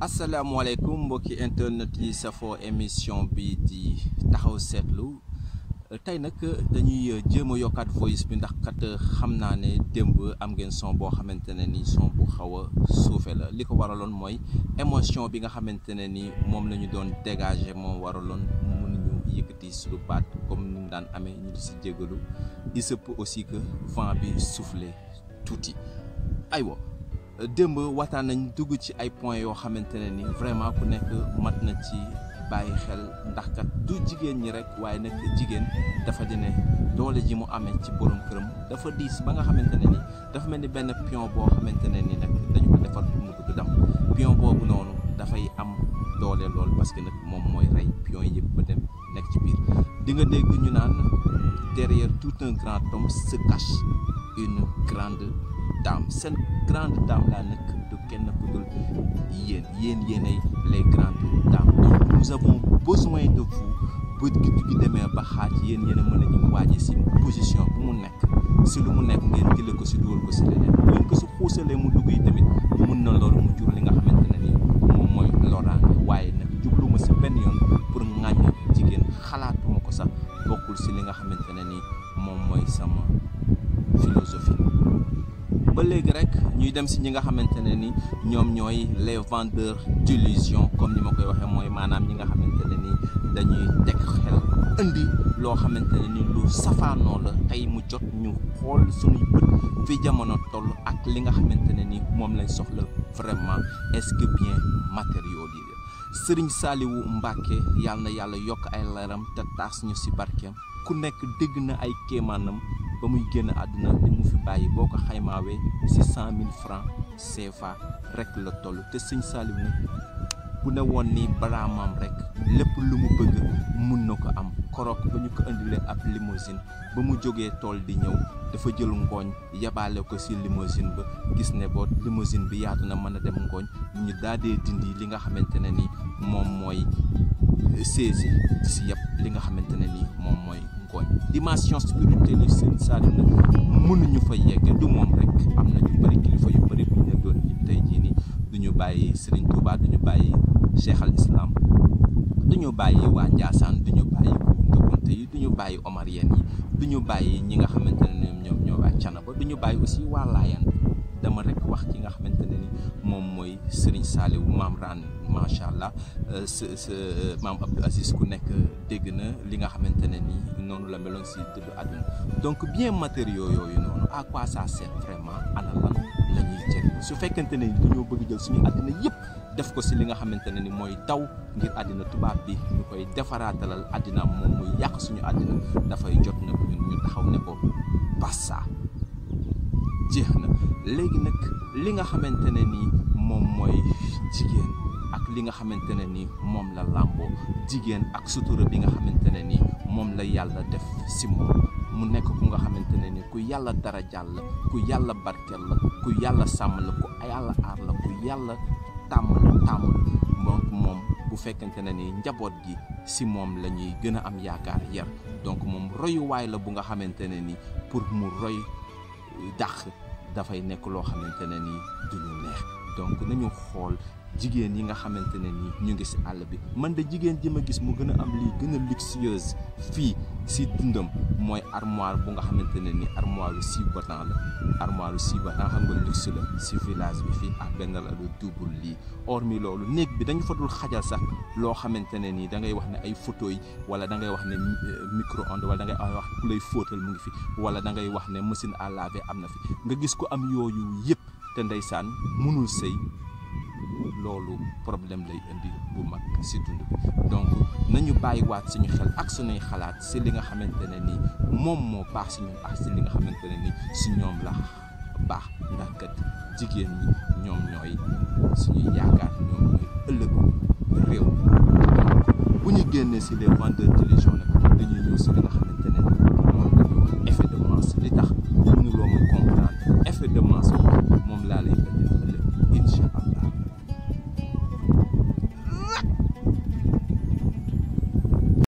asalaamaaleykum mbokki internet yi safoo émission bi di taxaw seetlu tey nag dañuy jéem a yokkaat voice bi ndax kat xam naa ne démb am ngeen son boo xamante ne ni son bu xaw a suufe la li ko waraloon mooy émotion bi nga xamante ne ni moom la ñu doon dégager moom waraloon mënuñu yëkkati suñu baat comme ni mu daan amee ñu di si jégalu il se peut aussi que vent bi suufle tuuti aywa. démb waxtaan nañ dugg ci ay points yoo xamante ne ni vraiment ku nekk mat na ci bàyyi xel ndax kat du jigéen ñi rek waaye nag jigéen dafa di ne doole ji mu amee ci borom këram dafa diis ba nga xamante ne ni dafa mel ni benn pion boo xamante ne ni nag dañu ko defar mu dugg dam pion boobu noonu dafay am doole lool parce que nag moom mooy rey pion yëpp dem nekk ci biir di nga dégg ñu naan derrière tout un grand homme se cache une grande dame seen grande dame laa nekk du kenn ku dul yéen yéen yéenay les grandes dames donc nous avons besoin de vous bu gi demee ba xaaj yéen yéen a mën a ñu waaje si position bu mu nekk si lu mu nekk ngeen jëlee ko si dugal ko si leneen bu ngeen si xuusalee mu dugg yi tamit mun na loolu mu jur li nga xamante ne ni moom mooy loraange waaye nag jubluma si benn yoon pour ŋàññ jigéen xalaatuma ko sax bokkul si li nga xamante ne ni moom mooy sama philosophie ba léegi rek ñuy dem si ñi nga xamante ne ni ñoom ñooy les vendeurs d'illusion comme ni ma koy waxee mooy maanaam ñi nga xamante ne ni dañuy teg xel indi loo xamante ne ni lu safaanoo la tey mu jot ñu xool suñuy bët fi jamono toll ak li nga xamante ne ni moom lañ soxla vraiment est-ce que bien matériaux yi Sëriñ Saaliwu Mbàkke yàlla na yàlla yokk ay leeram te taas ñu si barkeem ku nekk dégg na ay kéemaanam ba muy génn àdduna li mu fi bàyyi boo ko xaymaawee ci cent mille francs CFA rek la toll te sëñ Saliou nag bu ne woon ni baraamam rek lépp lu mu bëgg mun na ko am korook ba ñu ko indilee ab limousine ba mu jógee tool di ñëw dafa jël ngooñ yabaale ko ci limousine ba gis ne boo limousine bi yaatu na mën a dem ngooñ ñu daadee dindi li nga xamante ne ni moom mooy saisi ci yëpp li nga xamante ne ni moom mooy koñ dimension spirituelle Serigne Saliou nag mënuñu fa yegg du moom rek am na ñu bëri kilifa yu bëri bu ñu doon ñib tey jii ni duñu ñu bàyyi Serigne Touba du ñu bàyyi Cheikh al Islam du ñu bàyyi waa Ndiassane duñu ñu bàyyi Kounta du ñu bàyyi Omar yenn yi du bàyyi ñi nga xamante ne ñoom ñoo waa ko duñu bàyyi aussi waa Laayeen dama rek wax ki nga xamante moom mooy Serigne Saliou maam Rane macha allah sa sa maam Abdou Aziz ku nekk dégg na li nga xamante ne nii noonu la meloon si dëddu àdduna donc bien matériaux yooyu noonu à quoi ça sert vraiment ana la ñuy jëriñ su fekkente ne dañoo bëgg jël suñu àddina yëpp def ko si li nga xamante ne ni mooy daw ngir àddina tubaab bi ñu koy defaraatalal àddina moom muy yàq suñu àddina dafay jot nag ñun ñu taxaw ne ko bassa jeex na. léegi nag li nga xamante ne nii moom mooy jigéen ak li nga xamante ne nii moom la làmboo jigéen ak sutura bi nga xamante ne nii moom la yàlla def si moom mu nekk ku nga xamante ne nii ku yàlla dara jàll ku yàlla barkeel la ku yàlla sàmm la ku yàlla aar la ku yàlla tàmm tàmm donc moom bu fekkente ne ni njaboot gi si moom la ñuy gën a am yaakaar yar donc moom royuwaay la bu nga xamante ne ni pour mu roy dàq dafay nekk loo xamante ne ni du ñu neex donc nañu xool jigéen yi nga xamante ne nii ñu ngi si àll bi man de jigéen ji ma gis mu gën a am lii gën a luxueuse fii si dundam mooy armoire bu nga xamante ne nii armoire lu six battant la armoire lu xam nga luxe si village fii ak benn la lu double lii loolu néeg bi dañu fa dul sax loo xamante ne nii da ngay wax ne ay photo yi wala da ngay wax ne euh, micro onde wala da ngay wax ku lay fóotal mu ngi fi wala da ngay wax ne machine à am na fi nga gis ko am yooyu yëpp te ndeysaan mënul sëy loolu problème lay indi bu mag si dund bi donc nañu bàyyiwaat suñu xel ak suñuy xalaat si li nga xamante ne ni moom moo baax si ñun ak si li nga xamante ne ni si ñoom la baax ndax kat jigéen ñoom ñooy suñuy yaakaar ñoom ñooy ëllëgu réew bu ñu génnee si les vendeurs de religion nag dañuy ñëw si li nga xamante ne ni moom la ñu wax effet de li tax mënuloo ma comprendre effet